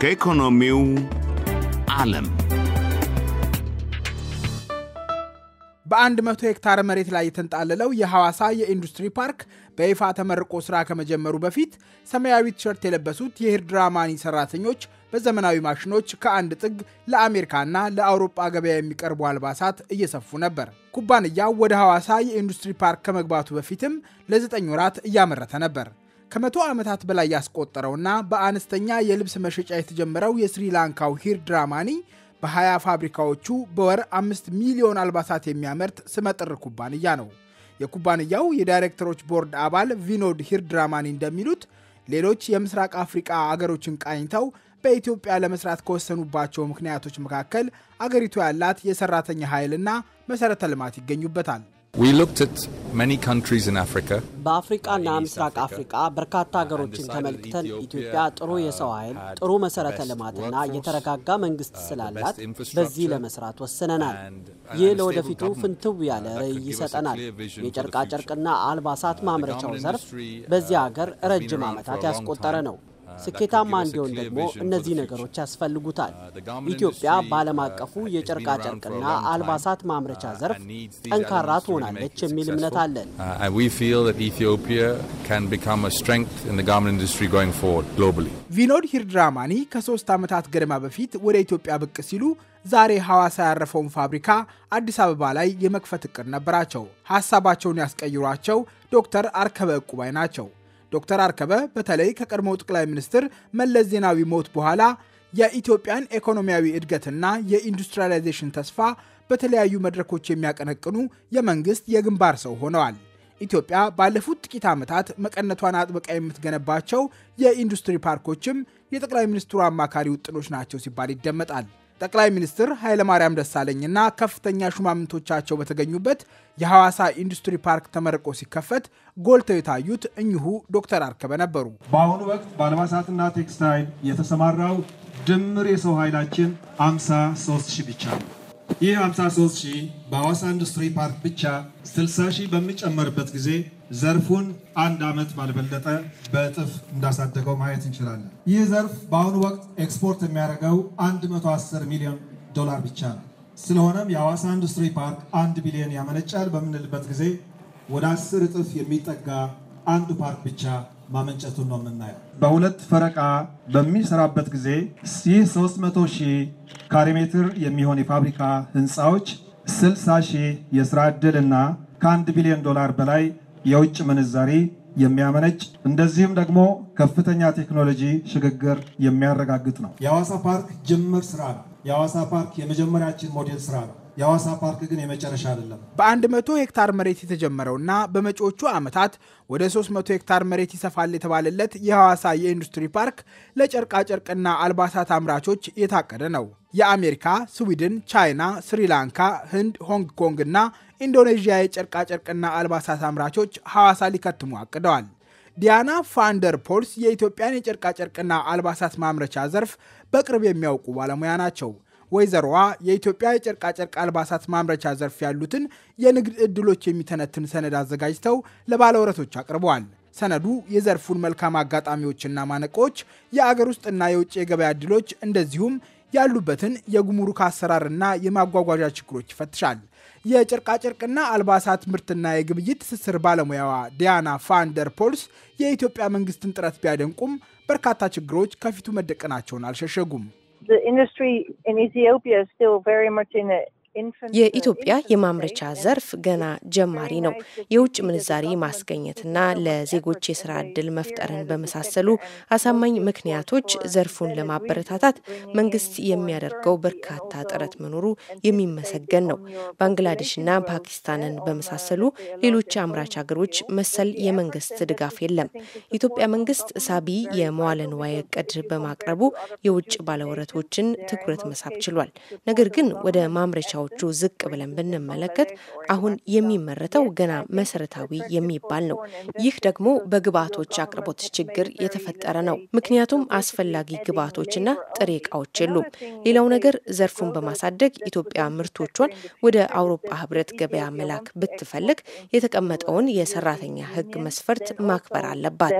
ከኢኮኖሚው ዓለም በአንድ መቶ ሄክታር መሬት ላይ የተንጣለለው የሐዋሳ የኢንዱስትሪ ፓርክ በይፋ ተመርቆ ስራ ከመጀመሩ በፊት ሰማያዊ ቲሸርት የለበሱት የሂርድራማኒ ሰራተኞች በዘመናዊ ማሽኖች ከአንድ ጥግ ለአሜሪካና ለአውሮጳ ገበያ የሚቀርቡ አልባሳት እየሰፉ ነበር። ኩባንያው ወደ ሐዋሳ የኢንዱስትሪ ፓርክ ከመግባቱ በፊትም ለዘጠኝ ወራት እያመረተ ነበር። ከመቶ ዓመታት በላይ ያስቆጠረውና በአነስተኛ የልብስ መሸጫ የተጀመረው የስሪላንካው ሂርድራማኒ በሀያ ፋብሪካዎቹ በወር አምስት ሚሊዮን አልባሳት የሚያመርት ስመጥር ኩባንያ ነው። የኩባንያው የዳይሬክተሮች ቦርድ አባል ቪኖድ ሂርድራማኒ እንደሚሉት ሌሎች የምስራቅ አፍሪቃ አገሮችን ቃኝተው በኢትዮጵያ ለመስራት ከወሰኑባቸው ምክንያቶች መካከል አገሪቱ ያላት የሰራተኛ ኃይልና መሠረተ ልማት ይገኙበታል። በአፍሪቃና uh, ምስራቅ አፍሪቃ በርካታ ሀገሮችን ተመልክተን ኢትዮጵያ ጥሩ uh, የሰው ኃይል፣ ጥሩ መሰረተ ልማትና የተረጋጋ መንግስት uh, ስላላት በዚህ ለመስራት ወስነናል። ይህ ለወደፊቱ ፍንትው ያለ ርዕይ ይሰጠናል። የጨርቃጨርቅና አልባሳት ማምረቻው ዘርፍ በዚህ ሀገር ረጅም ዓመታት ያስቆጠረ ነው። ስኬታማ እንዲሆን ደግሞ እነዚህ ነገሮች ያስፈልጉታል። ኢትዮጵያ በዓለም አቀፉ የጨርቃ ጨርቅና አልባሳት ማምረቻ ዘርፍ ጠንካራ ትሆናለች የሚል እምነት አለን። uh, ቪኖድ ሂርድራማኒ ከሶስት ዓመታት ገደማ በፊት ወደ ኢትዮጵያ ብቅ ሲሉ ዛሬ ሐዋሳ ያረፈውን ፋብሪካ አዲስ አበባ ላይ የመክፈት እቅድ ነበራቸው። ሐሳባቸውን ያስቀይሯቸው ዶክተር አርከበ ዕቁባይ ናቸው። ዶክተር አርከበ በተለይ ከቀድሞው ጠቅላይ ሚኒስትር መለስ ዜናዊ ሞት በኋላ የኢትዮጵያን ኢኮኖሚያዊ እድገትና የኢንዱስትሪላይዜሽን ተስፋ በተለያዩ መድረኮች የሚያቀነቅኑ የመንግስት የግንባር ሰው ሆነዋል። ኢትዮጵያ ባለፉት ጥቂት ዓመታት መቀነቷን አጥብቃ የምትገነባቸው የኢንዱስትሪ ፓርኮችም የጠቅላይ ሚኒስትሩ አማካሪ ውጥኖች ናቸው ሲባል ይደመጣል። ጠቅላይ ሚኒስትር ኃይለማርያም ደሳለኝና ከፍተኛ ሹማምንቶቻቸው በተገኙበት የሐዋሳ ኢንዱስትሪ ፓርክ ተመርቆ ሲከፈት ጎልተው የታዩት እኚሁ ዶክተር አርከበ ነበሩ። በአሁኑ ወቅት በአልባሳትና ቴክስታይል የተሰማራው ድምር የሰው ኃይላችን 53 ሺህ ብቻ ነው። ይህ 53 ሺህ በሐዋሳ ኢንዱስትሪ ፓርክ ብቻ 60 ሺህ በሚጨመርበት ጊዜ ዘርፉን አንድ ዓመት ባልበለጠ በእጥፍ እንዳሳደገው ማየት እንችላለን። ይህ ዘርፍ በአሁኑ ወቅት ኤክስፖርት የሚያደርገው 110 ሚሊዮን ዶላር ብቻ ነው። ስለሆነም የሐዋሳ ኢንዱስትሪ ፓርክ አንድ ቢሊዮን ያመነጫል በምንልበት ጊዜ ወደ አስር እጥፍ የሚጠጋ አንዱ ፓርክ ብቻ ማመንጨቱን ነው የምናየው። በሁለት ፈረቃ በሚሰራበት ጊዜ ይህ 300 ሺህ ካሬ ሜትር የሚሆን የፋብሪካ ህንፃዎች፣ 60 ሺህ የስራ ዕድል እና ከአንድ ቢሊዮን ዶላር በላይ የውጭ ምንዛሪ የሚያመነጭ እንደዚህም ደግሞ ከፍተኛ ቴክኖሎጂ ሽግግር የሚያረጋግጥ ነው። የሐዋሳ ፓርክ ጅምር ስራ ነው። የሐዋሳ ፓርክ የመጀመሪያችን ሞዴል ስራ ነው። የሐዋሳ ፓርክ ግን የመጨረሻ አይደለም። በአንድ መቶ ሄክታር መሬት የተጀመረውና በመጪዎቹ ዓመታት ወደ 300 ሄክታር መሬት ይሰፋል የተባለለት የሐዋሳ የኢንዱስትሪ ፓርክ ለጨርቃጨርቅና አልባሳት አምራቾች የታቀደ ነው። የአሜሪካ፣ ስዊድን፣ ቻይና፣ ስሪላንካ፣ ህንድ፣ ሆንግ ኮንግ እና ኢንዶኔዥያ የጨርቃጨርቅና አልባሳት አምራቾች ሐዋሳ ሊከትሙ አቅደዋል። ዲያና ፋንደር ፖልስ የኢትዮጵያን የጨርቃጨርቅና አልባሳት ማምረቻ ዘርፍ በቅርብ የሚያውቁ ባለሙያ ናቸው። ወይዘሮዋ የኢትዮጵያ የጨርቃጨርቅ አልባሳት ማምረቻ ዘርፍ ያሉትን የንግድ ዕድሎች የሚተነትን ሰነድ አዘጋጅተው ለባለውረቶች አቅርበዋል። ሰነዱ የዘርፉን መልካም አጋጣሚዎችና ማነቆች፣ የአገር ውስጥና የውጭ የገበያ ዕድሎች እንደዚሁም ያሉበትን የጉምሩክ አሰራርና የማጓጓዣ ችግሮች ይፈትሻል። የጨርቃጨርቅና አልባሳት ምርትና የግብይት ትስስር ባለሙያዋ ዲያና ፋንደር ፖልስ የኢትዮጵያ መንግስትን ጥረት ቢያደንቁም በርካታ ችግሮች ከፊቱ መደቀናቸውን አልሸሸጉም። የኢትዮጵያ የማምረቻ ዘርፍ ገና ጀማሪ ነው። የውጭ ምንዛሪ ማስገኘትና ለዜጎች የስራ ዕድል መፍጠርን በመሳሰሉ አሳማኝ ምክንያቶች ዘርፉን ለማበረታታት መንግስት የሚያደርገው በርካታ ጥረት መኖሩ የሚመሰገን ነው። ባንግላዴሽና ፓኪስታንን በመሳሰሉ ሌሎች አምራች ሀገሮች መሰል የመንግስት ድጋፍ የለም። የኢትዮጵያ መንግስት ሳቢ የመዋለ ንዋይ እቅድ በማቅረቡ የውጭ ባለውረቶችን ትኩረት መሳብ ችሏል። ነገር ግን ወደ ማምረቻው ከዋጋዎቹ ዝቅ ብለን ብንመለከት አሁን የሚመረተው ገና መሰረታዊ የሚባል ነው። ይህ ደግሞ በግብዓቶች አቅርቦት ችግር የተፈጠረ ነው። ምክንያቱም አስፈላጊ ግብዓቶችና ጥሬ እቃዎች የሉም። ሌላው ነገር ዘርፉን በማሳደግ ኢትዮጵያ ምርቶቿን ወደ አውሮፓ ህብረት ገበያ መላክ ብትፈልግ የተቀመጠውን የሰራተኛ ህግ መስፈርት ማክበር አለባት።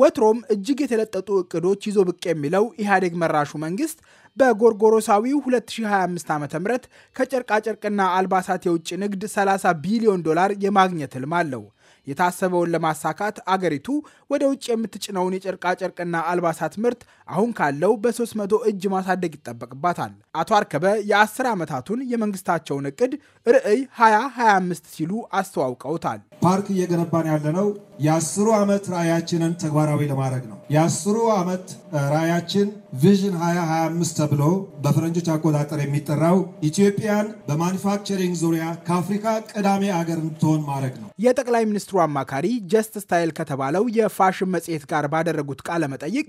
ወትሮም እጅግ የተለጠጡ እቅዶች ይዞ ብቅ የሚለው ኢህአዴግ መራሹ መንግስት በጎርጎሮሳዊው 2025 ዓ ም ከጨርቃጨርቅና አልባሳት የውጭ ንግድ 30 ቢሊዮን ዶላር የማግኘት ህልም አለው። የታሰበውን ለማሳካት አገሪቱ ወደ ውጭ የምትጭነውን የጨርቃጨርቅና አልባሳት ምርት አሁን ካለው በ300 እጅ ማሳደግ ይጠበቅባታል። አቶ አርከበ የ10 ዓመታቱን የመንግስታቸውን እቅድ ርዕይ 2025 ሲሉ አስተዋውቀውታል። ፓርክ እየገነባን ያለነው የአስሩ ዓመት ራዕያችንን ተግባራዊ ለማድረግ ነው። የአስሩ ዓመት ራዕያችን ቪዥን 2025 ተብሎ በፈረንጆች አቆጣጠር የሚጠራው ኢትዮጵያን በማኒፋክቸሪንግ ዙሪያ ከአፍሪካ ቀዳሚ አገር እንድትሆን ማድረግ ነው። የጠቅላይ ሚኒስትሩ አማካሪ ጀስት ስታይል ከተባለው የፋሽን መጽሔት ጋር ባደረጉት ቃለ መጠይቅ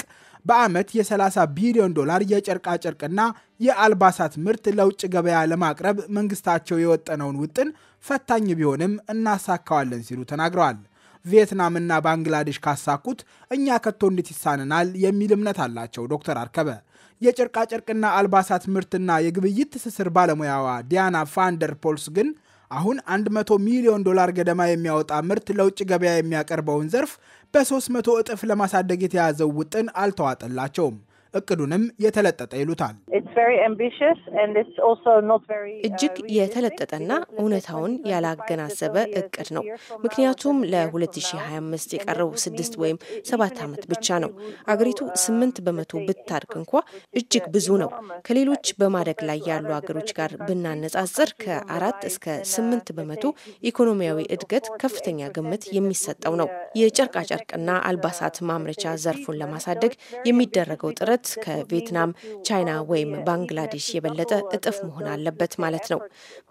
በዓመት የ30 ቢሊዮን ዶላር የጨርቃጨርቅና የአልባሳት ምርት ለውጭ ገበያ ለማቅረብ መንግስታቸው የወጠነውን ውጥን ፈታኝ ቢሆንም እናሳካዋለን ሲሉ ተናግረዋል። ቪየትናምና ባንግላዴሽ ካሳኩት እኛ ከቶ እንዴት ይሳነናል የሚል እምነት አላቸው ዶክተር አርከበ። የጨርቃጨርቅና አልባሳት ምርትና የግብይት ትስስር ባለሙያዋ ዲያና ፋንደር ፖልስ ግን አሁን 100 ሚሊዮን ዶላር ገደማ የሚያወጣ ምርት ለውጭ ገበያ የሚያቀርበውን ዘርፍ በ300 እጥፍ ለማሳደግ የተያዘው ውጥን አልተዋጠላቸውም። እቅዱንም የተለጠጠ ይሉታል። uh, እጅግ የተለጠጠና እውነታውን ያላገናዘበ እቅድ ነው። ምክንያቱም ለ2025 የቀረው ስድስት ወይም ሰባት ዓመት ብቻ ነው። አገሪቱ uh, ስምንት በመቶ ብታድግ እንኳ እጅግ ብዙ ነው። ከሌሎች uh, በማደግ ላይ ያሉ ሀገሮች ጋር ብናነጻጽር ከአራት እስከ ስምንት በመቶ ኢኮኖሚያዊ እድገት ከፍተኛ ግምት የሚሰጠው ነው። የጨርቃጨርቅና አልባሳት ማምረቻ ዘርፉን ለማሳደግ የሚደረገው ጥረት ብዛት ከቪየትናም፣ ቻይና ወይም ባንግላዴሽ የበለጠ እጥፍ መሆን አለበት ማለት ነው።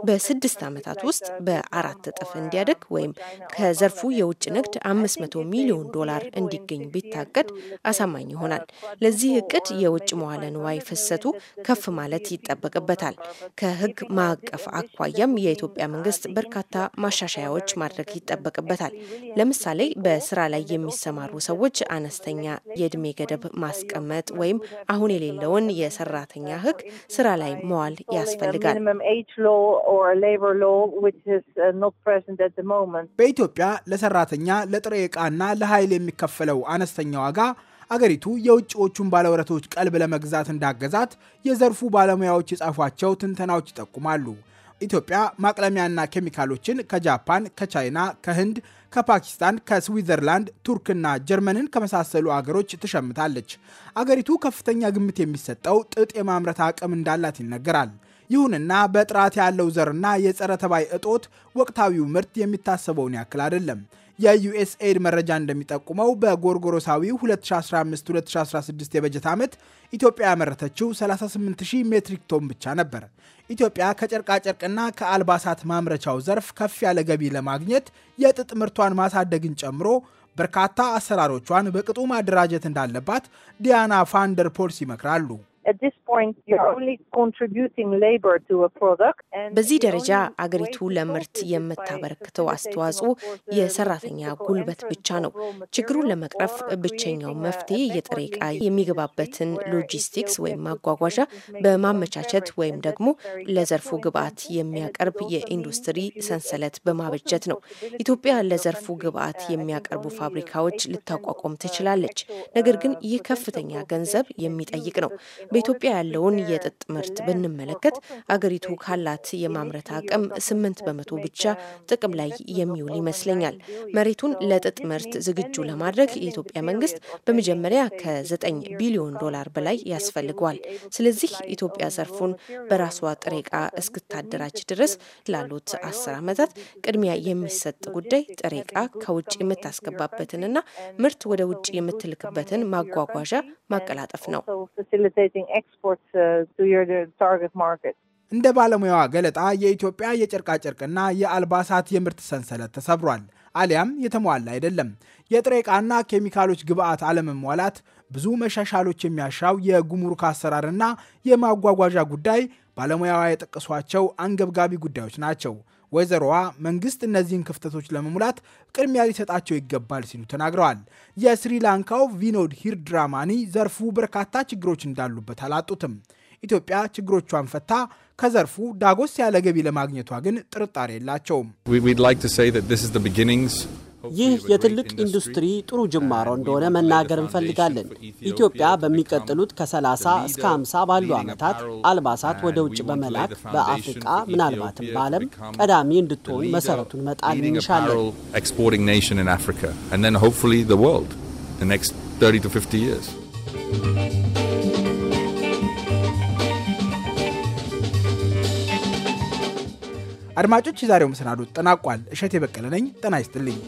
በስድስት ዓመታት ውስጥ በአራት እጥፍ እንዲያደግ ወይም ከዘርፉ የውጭ ንግድ አምስት መቶ ሚሊዮን ዶላር እንዲገኝ ቢታቀድ አሳማኝ ይሆናል። ለዚህ እቅድ የውጭ መዋለ ንዋይ ፍሰቱ ከፍ ማለት ይጠበቅበታል። ከህግ ማዕቀፍ አኳያም የኢትዮጵያ መንግስት በርካታ ማሻሻያዎች ማድረግ ይጠበቅበታል። ለምሳሌ በስራ ላይ የሚሰማሩ ሰዎች አነስተኛ የእድሜ ገደብ ማስቀመጥ ወይም ወይም አሁን የሌለውን የሰራተኛ ህግ ስራ ላይ መዋል ያስፈልጋል። uh, በኢትዮጵያ ለሰራተኛ ለጥሬ ዕቃና ለኃይል የሚከፈለው አነስተኛ ዋጋ አገሪቱ የውጭዎቹን ባለውረቶች ቀልብ ለመግዛት እንዳገዛት የዘርፉ ባለሙያዎች የጻፏቸው ትንተናዎች ይጠቁማሉ። ኢትዮጵያ ማቅለሚያና ኬሚካሎችን ከጃፓን፣ ከቻይና፣ ከህንድ፣ ከፓኪስታን፣ ከስዊዘርላንድ፣ ቱርክና ጀርመንን ከመሳሰሉ አገሮች ትሸምታለች። አገሪቱ ከፍተኛ ግምት የሚሰጠው ጥጥ የማምረት አቅም እንዳላት ይነገራል። ይሁንና በጥራት ያለው ዘርና የጸረ ተባይ እጦት ወቅታዊው ምርት የሚታሰበውን ያክል አይደለም። የዩኤስኤድ መረጃ እንደሚጠቁመው በጎርጎሮሳዊ 2015-2016 የበጀት ዓመት ኢትዮጵያ ያመረተችው 38000 ሜትሪክ ቶን ብቻ ነበር። ኢትዮጵያ ከጨርቃጨርቅና ከአልባሳት ማምረቻው ዘርፍ ከፍ ያለ ገቢ ለማግኘት የጥጥ ምርቷን ማሳደግን ጨምሮ በርካታ አሰራሮቿን በቅጡ ማደራጀት እንዳለባት ዲያና ፋንደር ፖልስ ይመክራሉ። በዚህ ደረጃ አገሪቱ ለምርት የምታበረክተው አስተዋጽኦ የሰራተኛ ጉልበት ብቻ ነው። ችግሩን ለመቅረፍ ብቸኛው መፍትሄ የጥሬ ዕቃ የሚገባበትን ሎጂስቲክስ ወይም ማጓጓዣ በማመቻቸት ወይም ደግሞ ለዘርፉ ግብዓት የሚያቀርብ የኢንዱስትሪ ሰንሰለት በማበጀት ነው። ኢትዮጵያ ለዘርፉ ግብዓት uh, የሚያቀርቡ uh, ፋብሪካዎች ልታቋቋም ትችላለች። ነገር uh, ግን ይህ ከፍተኛ ገንዘብ የሚጠይቅ ነው። በኢትዮጵያ ያለውን የጥጥ ምርት ብንመለከት አገሪቱ ካላት የማምረት አቅም ስምንት በመቶ ብቻ ጥቅም ላይ የሚውል ይመስለኛል። መሬቱን ለጥጥ ምርት ዝግጁ ለማድረግ የኢትዮጵያ መንግስት በመጀመሪያ ከዘጠኝ ቢሊዮን ዶላር በላይ ያስፈልገዋል። ስለዚህ ኢትዮጵያ ዘርፉን በራሷ ጥሬ ዕቃ እስክታደራጅ ድረስ ላሉት አስር ዓመታት ቅድሚያ የሚሰጥ ጉዳይ ጥሬ ዕቃ ከውጭ የምታስገባበትንና ምርት ወደ ውጭ የምትልክበትን ማጓጓዣ ማቀላጠፍ ነው። Uh, uh, እንደ ባለሙያዋ ገለጣ የኢትዮጵያ የጨርቃጨርቅና የአልባሳት የምርት ሰንሰለት ተሰብሯል፣ አሊያም የተሟላ አይደለም። የጥሬ ዕቃና ኬሚካሎች ግብዓት አለመሟላት ብዙ መሻሻሎች የሚያሻው የጉምሩክ አሰራርና የማጓጓዣ ጉዳይ ባለሙያዋ የጠቀሷቸው አንገብጋቢ ጉዳዮች ናቸው። ወይዘሮዋ መንግስት እነዚህን ክፍተቶች ለመሙላት ቅድሚያ ሊሰጣቸው ይገባል ሲሉ ተናግረዋል። የስሪላንካው ቪኖድ ሂርድራማኒ ዘርፉ በርካታ ችግሮች እንዳሉበት አላጡትም። ኢትዮጵያ ችግሮቿን ፈታ ከዘርፉ ዳጎስ ያለ ገቢ ለማግኘቷ ግን ጥርጣሬ የላቸውም። ይህ የትልቅ ኢንዱስትሪ ጥሩ ጅማሮ እንደሆነ መናገር እንፈልጋለን። ኢትዮጵያ በሚቀጥሉት ከ30 እስከ 50 ባሉ ዓመታት አልባሳት ወደ ውጭ በመላክ በአፍሪቃ ምናልባትም በዓለም ቀዳሚ እንድትሆን መሰረቱን መጣል እንሻለን። አድማጮች፣ የዛሬው መሰናዶ ጠናቋል። እሸት የበቀለ ነኝ። ጤና ይስጥልኝ።